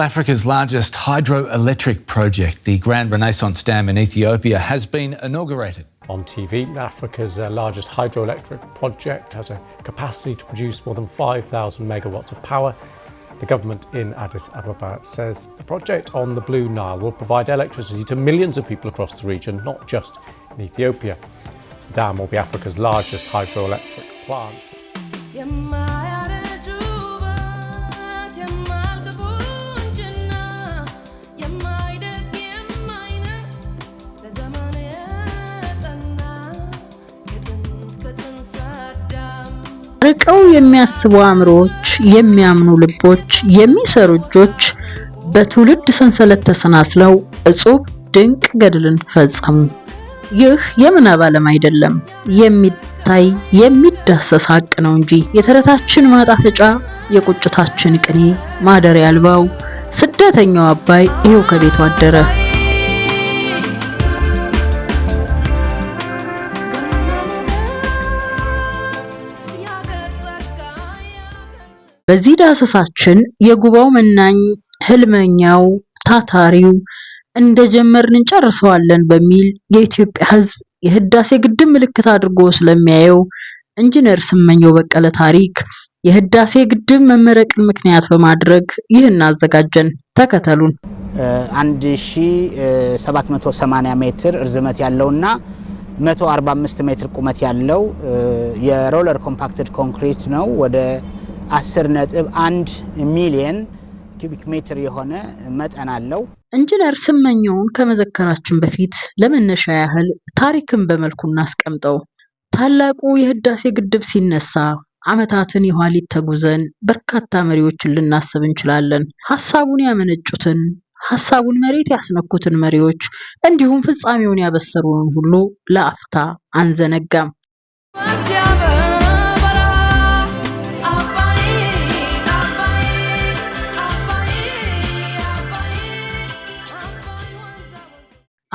Africa's largest hydroelectric project, the Grand Renaissance Dam in Ethiopia, has been inaugurated. On TV, Africa's uh, largest hydroelectric project has a capacity to produce more than 5,000 megawatts of power. The government in Addis Ababa says the project on the Blue Nile will provide electricity to millions of people across the region, not just in Ethiopia. The dam will be Africa's largest hydroelectric plant. አርቀው የሚያስቡ አእምሮዎች፣ የሚያምኑ ልቦች፣ የሚሰሩ እጆች በትውልድ ሰንሰለት ተሰናስለው እጹብ ድንቅ ገድልን ፈጸሙ። ይህ የምናብ ዓለም አይደለም፣ የሚታይ የሚዳሰስ ሀቅ ነው እንጂ። የተረታችን ማጣፈጫ፣ የቁጭታችን ቅኔ፣ ማደሪያ አልባው ስደተኛው አባይ ይኸው ከቤቱ አደረ። በዚህ ዳሰሳችን የጉባው መናኝ ህልመኛው ታታሪው እንደጀመርን እንጨርሰዋለን በሚል የኢትዮጵያ ህዝብ የህዳሴ ግድብ ምልክት አድርጎ ስለሚያየው ኢንጂነር ስመኘው በቀለ ታሪክ የህዳሴ ግድብ መመረቅን ምክንያት በማድረግ ይህን አዘጋጀን። ተከተሉን። 1780 ሜትር እርዝመት ያለውና 145 ሜትር ቁመት ያለው የሮለር ኮምፓክትድ ኮንክሪት ነው ወደ 10 ነጥብ 1 ሚሊየን ኪቢክ ሜትር የሆነ መጠን አለው። ኢንጂነር ስመኘውን ከመዘከራችን በፊት ለመነሻ ያህል ታሪክን በመልኩ እናስቀምጠው። ታላቁ የህዳሴ ግድብ ሲነሳ ዓመታትን የኋሊት ተጉዘን በርካታ መሪዎችን ልናስብ እንችላለን። ሀሳቡን ያመነጩትን ሀሳቡን መሬት ያስነኩትን መሪዎች እንዲሁም ፍጻሜውን ያበሰሩን ሁሉ ለአፍታ አንዘነጋም።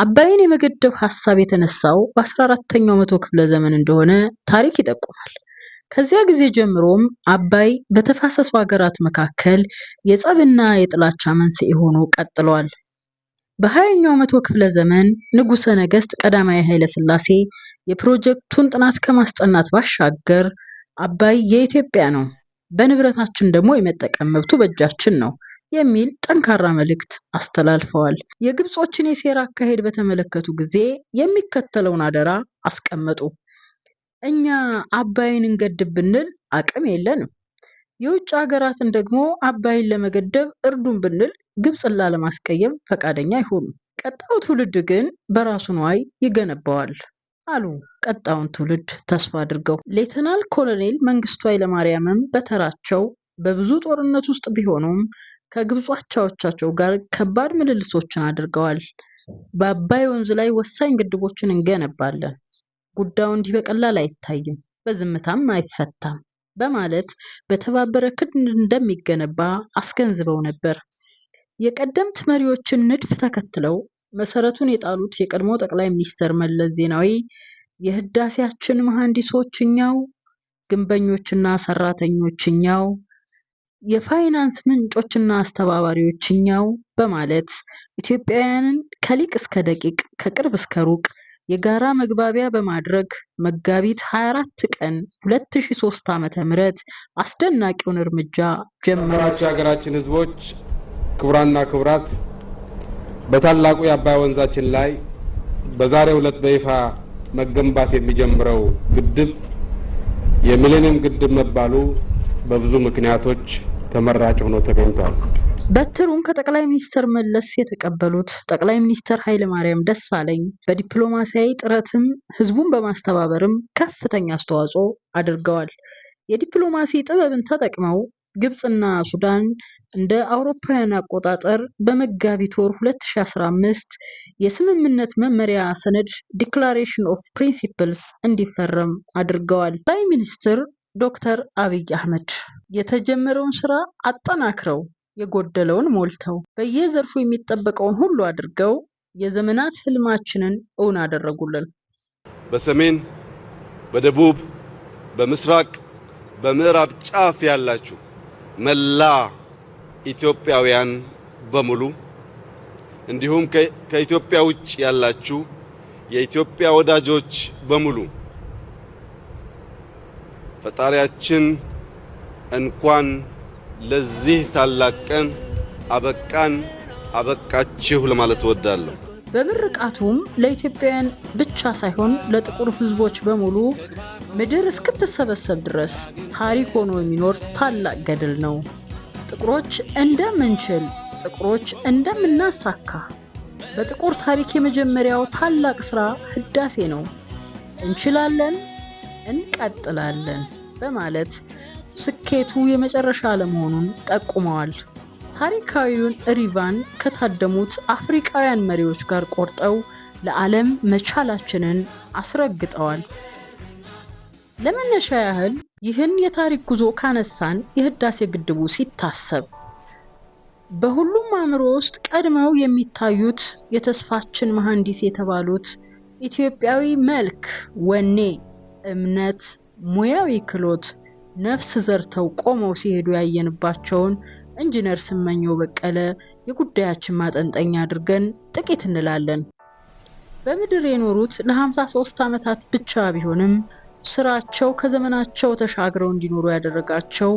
አባይን የመገደብ ሐሳብ የተነሳው በ14ኛው መቶ ክፍለ ዘመን እንደሆነ ታሪክ ይጠቁማል። ከዚያ ጊዜ ጀምሮም አባይ በተፋሰሱ ሀገራት መካከል የጸብና የጥላቻ መንስኤ ሆኖ ቀጥሏል። በ20ኛው መቶ ክፍለ ዘመን ንጉሠ ነገሥት ቀዳማዊ ኃይለ ሥላሴ የፕሮጀክቱን ጥናት ከማስጠናት ባሻገር አባይ የኢትዮጵያ ነው፣ በንብረታችን ደግሞ የመጠቀም መብቱ በእጃችን ነው የሚል ጠንካራ መልእክት አስተላልፈዋል። የግብጾችን የሴራ አካሄድ በተመለከቱ ጊዜ የሚከተለውን አደራ አስቀመጡ። እኛ አባይን እንገድብ ብንል አቅም የለንም። የውጭ ሀገራትን ደግሞ አባይን ለመገደብ እርዱን ብንል ግብፅን ላለማስቀየም ፈቃደኛ አይሆኑም። ቀጣዩ ትውልድ ግን በራሱ ንዋይ ይገነባዋል አሉ ቀጣዩን ትውልድ ተስፋ አድርገው። ሌተናል ኮሎኔል መንግስቱ ኃይለማርያምም በተራቸው በብዙ ጦርነት ውስጥ ቢሆኑም ከግብፅ አቻዎቻቸው ጋር ከባድ ምልልሶችን አድርገዋል። በአባይ ወንዝ ላይ ወሳኝ ግድቦችን እንገነባለን፣ ጉዳዩ እንዲህ በቀላል አይታይም፣ በዝምታም አይፈታም በማለት በተባበረ ክንድ እንደሚገነባ አስገንዝበው ነበር። የቀደምት መሪዎችን ንድፍ ተከትለው መሰረቱን የጣሉት የቀድሞ ጠቅላይ ሚኒስትር መለስ ዜናዊ የህዳሴያችን መሐንዲሶች እኛው፣ ግንበኞችና ሰራተኞች እኛው የፋይናንስ ምንጮችና አስተባባሪዎች እኛው በማለት ኢትዮጵያውያንን ከሊቅ እስከ ደቂቅ ከቅርብ እስከ ሩቅ የጋራ መግባቢያ በማድረግ መጋቢት 24 ቀን 2003 ም አስደናቂውን እርምጃ ጀመራች። የሀገራችን ህዝቦች ክቡራና ክቡራት በታላቁ የአባይ ወንዛችን ላይ በዛሬ ዕለት በይፋ መገንባት የሚጀምረው ግድብ የሚሌኒየም ግድብ መባሉ በብዙ ምክንያቶች ተመራጭ ሆኖ ተገኝቷል። በትሩን ከጠቅላይ ሚኒስትር መለስ የተቀበሉት ጠቅላይ ሚኒስትር ኃይለማርያም ደሳለኝ በዲፕሎማሲያዊ ጥረትም ህዝቡን በማስተባበርም ከፍተኛ አስተዋጽኦ አድርገዋል። የዲፕሎማሲ ጥበብን ተጠቅመው ግብፅና ሱዳን እንደ አውሮፓውያን አቆጣጠር በመጋቢት ወር 2015 የስምምነት መመሪያ ሰነድ ዲክላሬሽን ኦፍ ፕሪንሲፕልስ እንዲፈረም አድርገዋል። ጠቅላይ ሚኒስትር ዶክተር አብይ አህመድ የተጀመረውን ስራ አጠናክረው የጎደለውን ሞልተው በየዘርፉ የሚጠበቀውን ሁሉ አድርገው የዘመናት ህልማችንን እውን አደረጉልን። በሰሜን፣ በደቡብ፣ በምስራቅ፣ በምዕራብ ጫፍ ያላችሁ መላ ኢትዮጵያውያን በሙሉ እንዲሁም ከኢትዮጵያ ውጭ ያላችሁ የኢትዮጵያ ወዳጆች በሙሉ ፈጣሪያችን እንኳን ለዚህ ታላቅ ቀን አበቃን አበቃችሁ ለማለት እወዳለሁ። በምርቃቱም ለኢትዮጵያውያን ብቻ ሳይሆን ለጥቁር ሕዝቦች በሙሉ ምድር እስክትሰበሰብ ድረስ ታሪክ ሆኖ የሚኖር ታላቅ ገድል ነው። ጥቁሮች እንደምንችል፣ ጥቁሮች እንደምናሳካ በጥቁር ታሪክ የመጀመሪያው ታላቅ ስራ ህዳሴ ነው። እንችላለን እንቀጥላለን በማለት ስኬቱ የመጨረሻ አለመሆኑን ጠቁመዋል። ታሪካዊውን ሪቫን ከታደሙት አፍሪካውያን መሪዎች ጋር ቆርጠው ለዓለም መቻላችንን አስረግጠዋል። ለመነሻ ያህል ይህን የታሪክ ጉዞ ካነሳን የህዳሴ ግድቡ ሲታሰብ በሁሉም አእምሮ ውስጥ ቀድመው የሚታዩት የተስፋችን መሐንዲስ የተባሉት ኢትዮጵያዊ መልክ ወኔ እምነት፣ ሙያዊ ክሎት ነፍስ ዘርተው ቆመው ሲሄዱ ያየንባቸውን ኢንጂነር ስመኘው በቀለ የጉዳያችን ማጠንጠኛ አድርገን ጥቂት እንላለን። በምድር የኖሩት ለ53 ዓመታት ብቻ ቢሆንም ስራቸው ከዘመናቸው ተሻግረው እንዲኖሩ ያደረጋቸው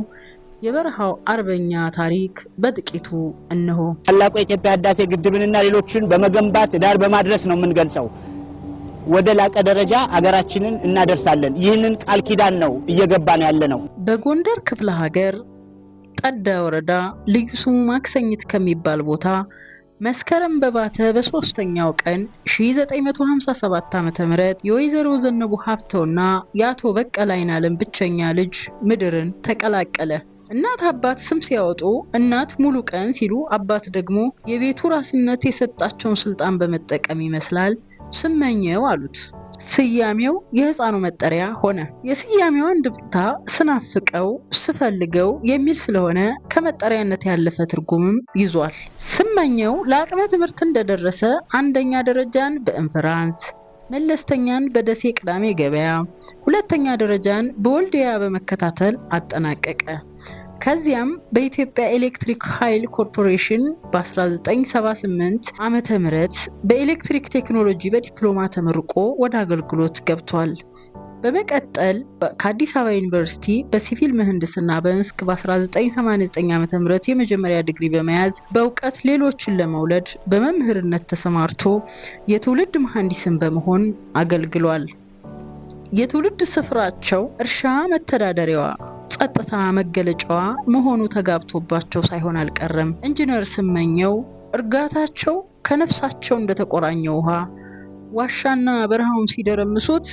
የበረሃው አርበኛ ታሪክ በጥቂቱ እነሆ። ታላቁ የኢትዮጵያ ህዳሴ ግድብንና ሌሎችን በመገንባት ዳር በማድረስ ነው የምንገልጸው። ወደ ላቀ ደረጃ አገራችንን እናደርሳለን። ይህንን ቃል ኪዳን ነው እየገባን ያለ ነው። በጎንደር ክፍለ ሀገር ጠዳ ወረዳ ልዩ ስሙ ማክሰኝት ከሚባል ቦታ መስከረም በባተ በሶስተኛው ቀን 1957 ዓ.ም የወይዘሮ ዘነቡ ሀብተውና የአቶ በቀለ አይናለም ብቸኛ ልጅ ምድርን ተቀላቀለ። እናት አባት ስም ሲያወጡ እናት ሙሉ ቀን ሲሉ አባት ደግሞ የቤቱ ራስነት የሰጣቸውን ስልጣን በመጠቀም ይመስላል ስመኘው አሉት። ስያሜው የሕፃኑ መጠሪያ ሆነ። የስያሜዋን ድብታ ስናፍቀው ስፈልገው የሚል ስለሆነ ከመጠሪያነት ያለፈ ትርጉምም ይዟል። ስመኘው ለአቅመ ትምህርት እንደደረሰ አንደኛ ደረጃን በእንፍራንስ መለስተኛን በደሴ ቅዳሜ ገበያ፣ ሁለተኛ ደረጃን በወልዲያ በመከታተል አጠናቀቀ። ከዚያም በኢትዮጵያ ኤሌክትሪክ ኃይል ኮርፖሬሽን በ1978 ዓ ም በኤሌክትሪክ ቴክኖሎጂ በዲፕሎማ ተመርቆ ወደ አገልግሎት ገብቷል። በመቀጠል ከአዲስ አበባ ዩኒቨርሲቲ በሲቪል ምህንድስና በመስክ በ1989 ዓ ም የመጀመሪያ ዲግሪ በመያዝ በእውቀት ሌሎችን ለመውለድ በመምህርነት ተሰማርቶ የትውልድ መሐንዲስን በመሆን አገልግሏል። የትውልድ ስፍራቸው እርሻ መተዳደሪያዋ ጸጥታ መገለጫዋ መሆኑ ተጋብቶባቸው ሳይሆን አልቀረም። ኢንጂነር ስመኘው እርጋታቸው ከነፍሳቸው እንደተቆራኘ ውሃ ዋሻና በረሃውን ሲደረምሱት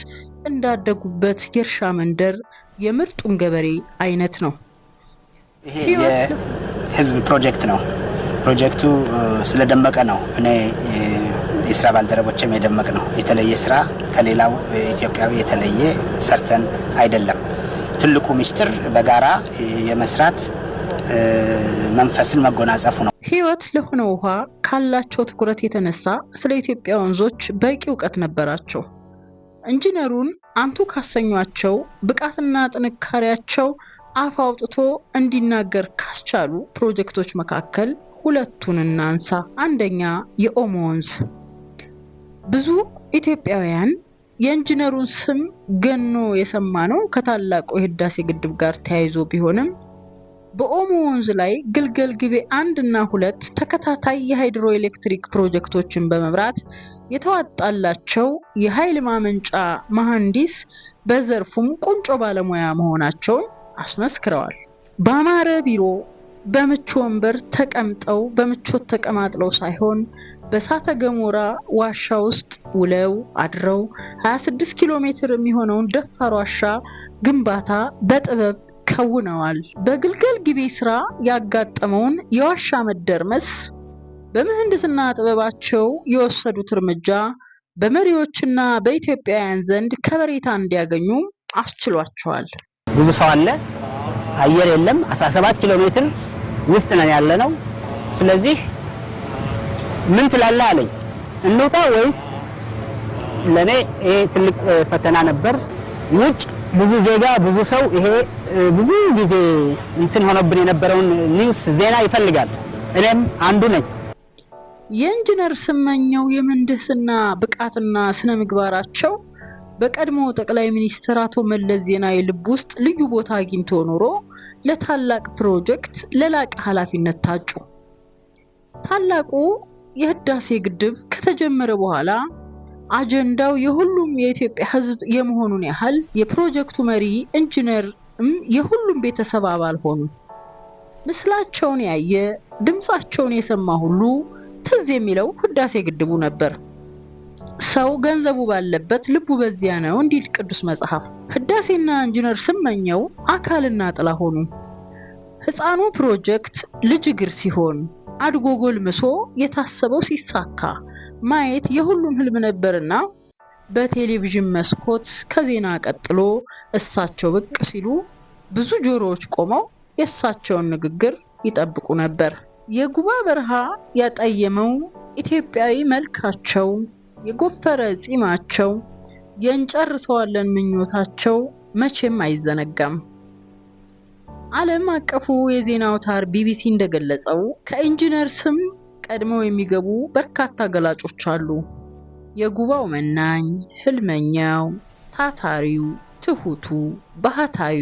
እንዳደጉበት የእርሻ መንደር የምርጡን ገበሬ አይነት ነው። ይሄ የህዝብ ፕሮጀክት ነው። ፕሮጀክቱ ስለደመቀ ነው እኔ የስራ ባልደረቦችም የደመቅ ነው። የተለየ ስራ ከሌላው ኢትዮጵያዊ የተለየ ሰርተን አይደለም። ትልቁ ምስጢር በጋራ የመስራት መንፈስን መጎናጸፉ ነው። ህይወት ለሆነ ውሃ ካላቸው ትኩረት የተነሳ ስለ ኢትዮጵያ ወንዞች በቂ እውቀት ነበራቸው። ኢንጂነሩን አንቱ ካሰኟቸው ብቃትና ጥንካሬያቸው አፍ አውጥቶ እንዲናገር ካስቻሉ ፕሮጀክቶች መካከል ሁለቱን እናንሳ። አንደኛ የኦሞ ወንዝ ብዙ ኢትዮጵያውያን የኢንጂነሩን ስም ገኖ የሰማ ነው ከታላቁ የህዳሴ ግድብ ጋር ተያይዞ ቢሆንም በኦሞ ወንዝ ላይ ግልገል ግቤ አንድ እና ሁለት ተከታታይ የሃይድሮ ኤሌክትሪክ ፕሮጀክቶችን በመምራት የተዋጣላቸው የኃይል ማመንጫ መሐንዲስ በዘርፉም ቁንጮ ባለሙያ መሆናቸውን አስመስክረዋል። በአማረ ቢሮ በምቹ ወንበር ተቀምጠው በምቾት ተቀማጥለው ሳይሆን በእሳተ ገሞራ ዋሻ ውስጥ ውለው አድረው 26 ኪሎ ሜትር የሚሆነውን ደፋር ዋሻ ግንባታ በጥበብ ከውነዋል። በግልገል ጊቤ ስራ ያጋጠመውን የዋሻ መደርመስ በምህንድስና ጥበባቸው የወሰዱት እርምጃ በመሪዎችና በኢትዮጵያውያን ዘንድ ከበሬታ እንዲያገኙ አስችሏቸዋል። ብዙ ሰው አለ፣ አየር የለም። 17 ኪሎ ሜትር ውስጥ ነን ነው። ስለዚህ ምን ትላለ አለኝ። እንውጣ ወይስ ለእኔ ይሄ ትልቅ ፈተና ነበር። ውጭ ብዙ ዜጋ ብዙ ሰው ይሄ ብዙ ጊዜ እንትን ሆኖብን የነበረውን ኒውስ ዜና ይፈልጋል። እኔም አንዱ ነኝ። የኢንጂነር ስመኘው የምንደስና ብቃትና ስነ ምግባራቸው በቀድሞ ጠቅላይ ሚኒስትር አቶ መለስ ዜናዊ ልብ ውስጥ ልዩ ቦታ አግኝቶ ኖሮ ለታላቅ ፕሮጀክት ለላቀ ኃላፊነት ታጩ። ታላቁ የህዳሴ ግድብ ከተጀመረ በኋላ አጀንዳው የሁሉም የኢትዮጵያ ህዝብ የመሆኑን ያህል የፕሮጀክቱ መሪ ኢንጂነርም የሁሉም ቤተሰብ አባል ሆኑ። ምስላቸውን ያየ ድምፃቸውን የሰማ ሁሉ ትዝ የሚለው ህዳሴ ግድቡ ነበር። ሰው ገንዘቡ ባለበት ልቡ በዚያ ነው እንዲል ቅዱስ መጽሐፍ። ህዳሴና ኢንጂነር ስመኘው አካልና ጥላ ሆኑ። ህፃኑ ፕሮጀክት ልጅ እግር ሲሆን አድጎ ጎልምሶ የታሰበው ሲሳካ ማየት የሁሉም ህልም ነበርና በቴሌቪዥን መስኮት ከዜና ቀጥሎ እሳቸው ብቅ ሲሉ ብዙ ጆሮዎች ቆመው የእሳቸውን ንግግር ይጠብቁ ነበር። የጉባ በረሃ ያጠየመው ኢትዮጵያዊ መልካቸው፣ የጎፈረ ጺማቸው፣ የእንጨርሰዋለን ምኞታቸው መቼም አይዘነጋም። ዓለም አቀፉ የዜና አውታር ቢቢሲ እንደገለጸው ከኢንጂነር ስም ቀድመው የሚገቡ በርካታ ገላጮች አሉ። የጉባው መናኝ፣ ህልመኛው፣ ታታሪው፣ ትሁቱ፣ ባህታዩ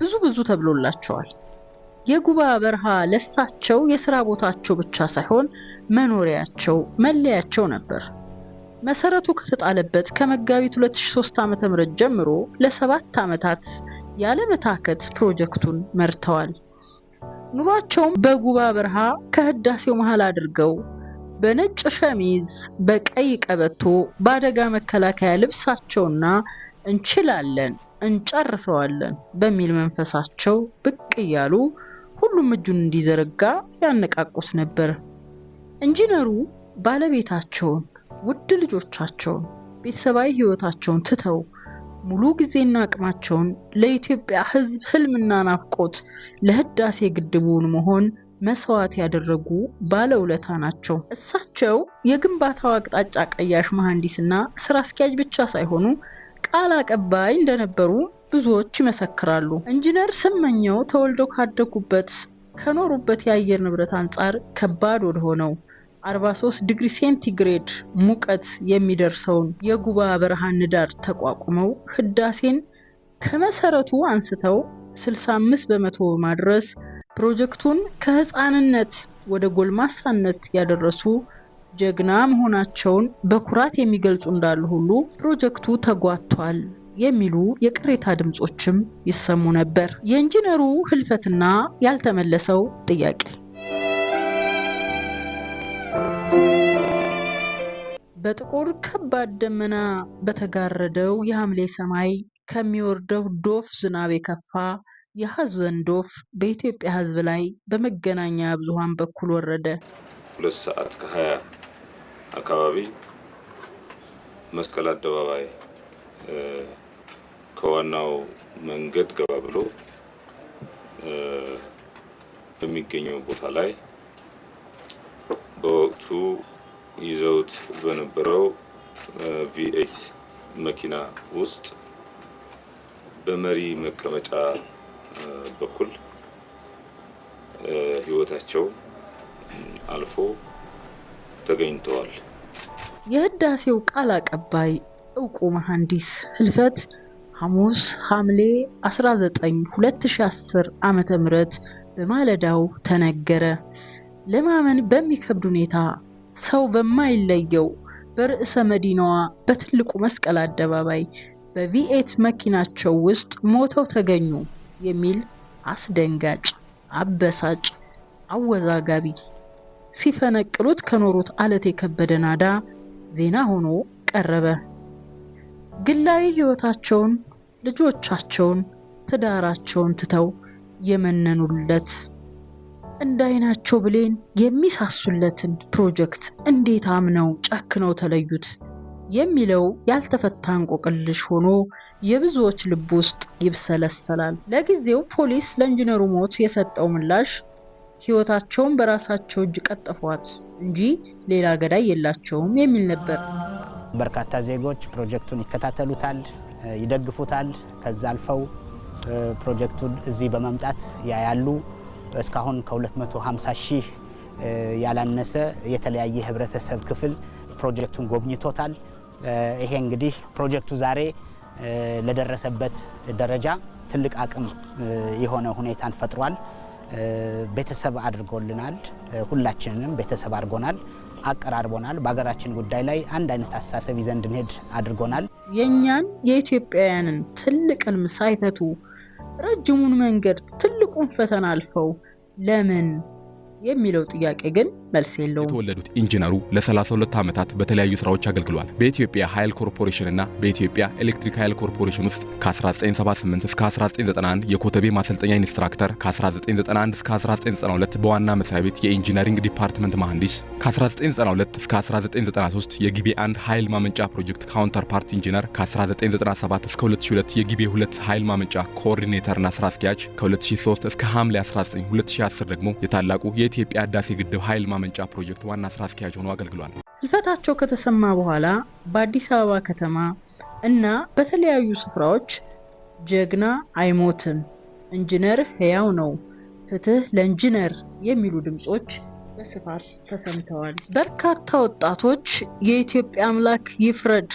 ብዙ ብዙ ተብሎላቸዋል። የጉባ በረሃ ለሳቸው የስራ ቦታቸው ብቻ ሳይሆን መኖሪያቸው፣ መለያቸው ነበር። መሰረቱ ከተጣለበት ከመጋቢት 2003 ዓ.ም ጀምሮ ለሰባት ዓመታት ያለመታከት ፕሮጀክቱን መርተዋል። ኑሯቸውም በጉባ በረሃ ከህዳሴው መሃል አድርገው በነጭ ሸሚዝ በቀይ ቀበቶ በአደጋ መከላከያ ልብሳቸውና እንችላለን እንጨርሰዋለን በሚል መንፈሳቸው ብቅ እያሉ ሁሉም እጁን እንዲዘረጋ ያነቃቁት ነበር። ኢንጂነሩ ባለቤታቸውን፣ ውድ ልጆቻቸውን፣ ቤተሰባዊ ህይወታቸውን ትተው ሙሉ ጊዜና አቅማቸውን ለኢትዮጵያ ሕዝብ ህልምና ናፍቆት ለህዳሴ ግድቡን መሆን መስዋዕት ያደረጉ ባለውለታ ናቸው። እሳቸው የግንባታው አቅጣጫ ቀያሽ መሐንዲስና ስራ አስኪያጅ ብቻ ሳይሆኑ ቃል አቀባይ እንደነበሩ ብዙዎች ይመሰክራሉ። ኢንጂነር ስመኘው ተወልደው ካደጉበት ከኖሩበት የአየር ንብረት አንጻር ከባድ ወደ ሆነው 43 ዲግሪ ሴንቲግሬድ ሙቀት የሚደርሰውን የጉባ በረሃን ንዳድ ተቋቁመው ህዳሴን ከመሰረቱ አንስተው 65 በመቶ ማድረስ ፕሮጀክቱን ከህፃንነት ወደ ጎልማሳነት ያደረሱ ጀግና መሆናቸውን በኩራት የሚገልጹ እንዳሉ ሁሉ ፕሮጀክቱ ተጓቷል የሚሉ የቅሬታ ድምጾችም ይሰሙ ነበር። የኢንጂነሩ ህልፈትና ያልተመለሰው ጥያቄ በጥቁር ከባድ ደመና በተጋረደው የሐምሌ ሰማይ ከሚወርደው ዶፍ ዝናብ የከፋ የሐዘን ዶፍ በኢትዮጵያ ሕዝብ ላይ በመገናኛ ብዙኃን በኩል ወረደ። ሁለት ሰዓት ከሀያ አካባቢ መስቀል አደባባይ ከዋናው መንገድ ገባ ብሎ በሚገኘው ቦታ ላይ በወቅቱ ይዘውት በነበረው ቪኤት መኪና ውስጥ በመሪ መቀመጫ በኩል ህይወታቸው አልፎ ተገኝተዋል። የህዳሴው ቃል አቀባይ እውቁ መሐንዲስ ህልፈት ሐሙስ ሐምሌ 19 2010 ም በማለዳው ተነገረ። ለማመን በሚከብድ ሁኔታ ሰው በማይለየው በርዕሰ መዲናዋ በትልቁ መስቀል አደባባይ በቪኤት መኪናቸው ውስጥ ሞተው ተገኙ የሚል አስደንጋጭ፣ አበሳጭ፣ አወዛጋቢ ሲፈነቅሉት ከኖሩት አለት የከበደ ናዳ ዜና ሆኖ ቀረበ። ግላዊ ሕይወታቸውን፣ ልጆቻቸውን፣ ትዳራቸውን ትተው የመነኑለት እንደ አይናቸው ብሌን የሚሳሱለትን ፕሮጀክት እንዴት አምነው ጨክነው ተለዩት የሚለው ያልተፈታ እንቆቅልሽ ሆኖ የብዙዎች ልብ ውስጥ ይብሰለሰላል። ለጊዜው ፖሊስ ለኢንጂነሩ ሞት የሰጠው ምላሽ ሕይወታቸውን በራሳቸው እጅ ቀጠፏት እንጂ ሌላ ገዳይ የላቸውም የሚል ነበር። በርካታ ዜጎች ፕሮጀክቱን ይከታተሉታል፣ ይደግፉታል። ከዛ አልፈው ፕሮጀክቱን እዚህ በመምጣት ያያሉ። እስካሁን ከ250 ሺህ ያላነሰ የተለያየ ህብረተሰብ ክፍል ፕሮጀክቱን ጎብኝቶታል። ይሄ እንግዲህ ፕሮጀክቱ ዛሬ ለደረሰበት ደረጃ ትልቅ አቅም የሆነ ሁኔታን ፈጥሯል። ቤተሰብ አድርጎልናል። ሁላችንንም ቤተሰብ አድርጎናል፣ አቀራርቦናል። በሀገራችን ጉዳይ ላይ አንድ አይነት አስተሳሰብ ይዘን እንድንሄድ አድርጎናል። የእኛን የኢትዮጵያውያንን ትልቅ ህልም ሳይፈቱ ረጅሙን መንገድ ትልቁን ፈተና አልፈው ለምን የሚለው ጥያቄ ግን መልስ የለውም። የተወለዱት ኢንጂነሩ ለ32 ዓመታት በተለያዩ ስራዎች አገልግሏል። በኢትዮጵያ ኃይል ኮርፖሬሽንና በኢትዮጵያ ኤሌክትሪክ ኃይል ኮርፖሬሽን ውስጥ ከ1978 እስከ 1991 የኮተቤ ማሰልጠኛ ኢንስትራክተር፣ ከ1991 እስከ 1992 በዋና መስሪያ ቤት የኢንጂነሪንግ ዲፓርትመንት መሐንዲስ፣ ከ1992 እስከ 1993 የጊቤ አንድ ኃይል ማመንጫ ፕሮጀክት ካውንተር ፓርት ኢንጂነር፣ ከ1997 እስከ 2002 የጊቤ 2 ኃይል ማመንጫ ኮኦርዲኔተርና ስራ አስኪያጅ፣ ከ2003 እስከ ሐምሌ 19 2010 ደግሞ የታላቁ የኢትዮጵያ ህዳሴ ግድብ ኃይል ማመንጫ ፕሮጀክት ዋና ስራ አስኪያጅ ሆኖ አገልግሏል። ልፈታቸው ከተሰማ በኋላ በአዲስ አበባ ከተማ እና በተለያዩ ስፍራዎች ጀግና አይሞትም፣ ኢንጂነር ህያው ነው፣ ፍትህ ለኢንጂነር የሚሉ ድምጾች በስፋት ተሰምተዋል። በርካታ ወጣቶች የኢትዮጵያ አምላክ ይፍረድ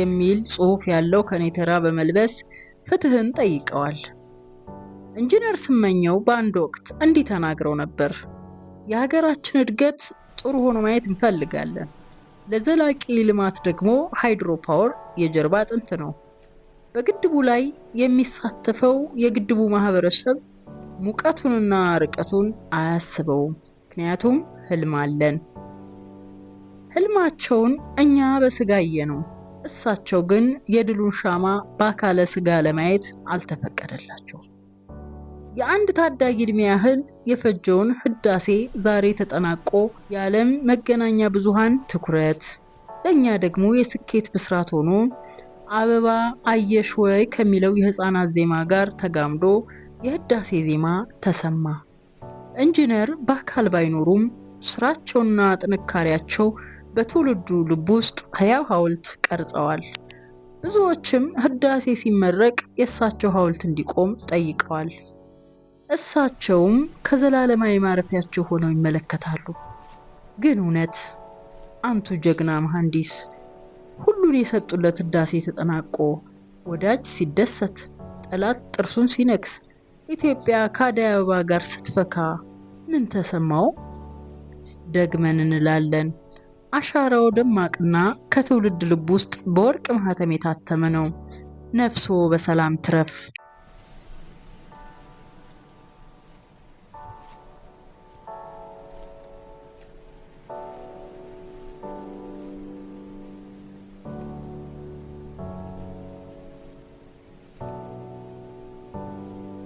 የሚል ጽሑፍ ያለው ከኔተራ በመልበስ ፍትህን ጠይቀዋል። ኢንጂነር ስመኘው በአንድ ወቅት እንዲህ ተናግረው ነበር። የሀገራችን እድገት ጥሩ ሆኖ ማየት እንፈልጋለን። ለዘላቂ ልማት ደግሞ ሃይድሮ ፓወር የጀርባ አጥንት ነው። በግድቡ ላይ የሚሳተፈው የግድቡ ማህበረሰብ ሙቀቱንና ርቀቱን አያስበውም። ምክንያቱም ህልም አለን። ህልማቸውን እኛ በስጋየ ነው። እሳቸው ግን የድሉን ሻማ በአካለ ስጋ ለማየት አልተፈቀደላቸውም። የአንድ ታዳጊ እድሜ ያህል የፈጀውን ህዳሴ ዛሬ ተጠናቆ የዓለም መገናኛ ብዙሃን ትኩረት ለእኛ ደግሞ የስኬት ብስራት ሆኖ አበባ አየሽ ወይ ከሚለው የህፃናት ዜማ ጋር ተጋምዶ የህዳሴ ዜማ ተሰማ። ኢንጂነር በአካል ባይኖሩም ስራቸውና ጥንካሬያቸው በትውልዱ ልብ ውስጥ ህያው ሐውልት ቀርጸዋል። ብዙዎችም ህዳሴ ሲመረቅ የእሳቸው ሐውልት እንዲቆም ጠይቀዋል። እሳቸውም ከዘላለማዊ ማረፊያቸው ሆነው ይመለከታሉ። ግን እውነት አንቱ ጀግና መሐንዲስ ሁሉን የሰጡለት ህዳሴ ተጠናቆ ወዳጅ ሲደሰት፣ ጠላት ጥርሱን ሲነክስ፣ ኢትዮጵያ ከአደይ አበባ ጋር ስትፈካ ምን ተሰማው? ደግመን እንላለን፣ አሻራው ደማቅና ከትውልድ ልብ ውስጥ በወርቅ ማህተም የታተመ ነው። ነፍሶ በሰላም ትረፍ።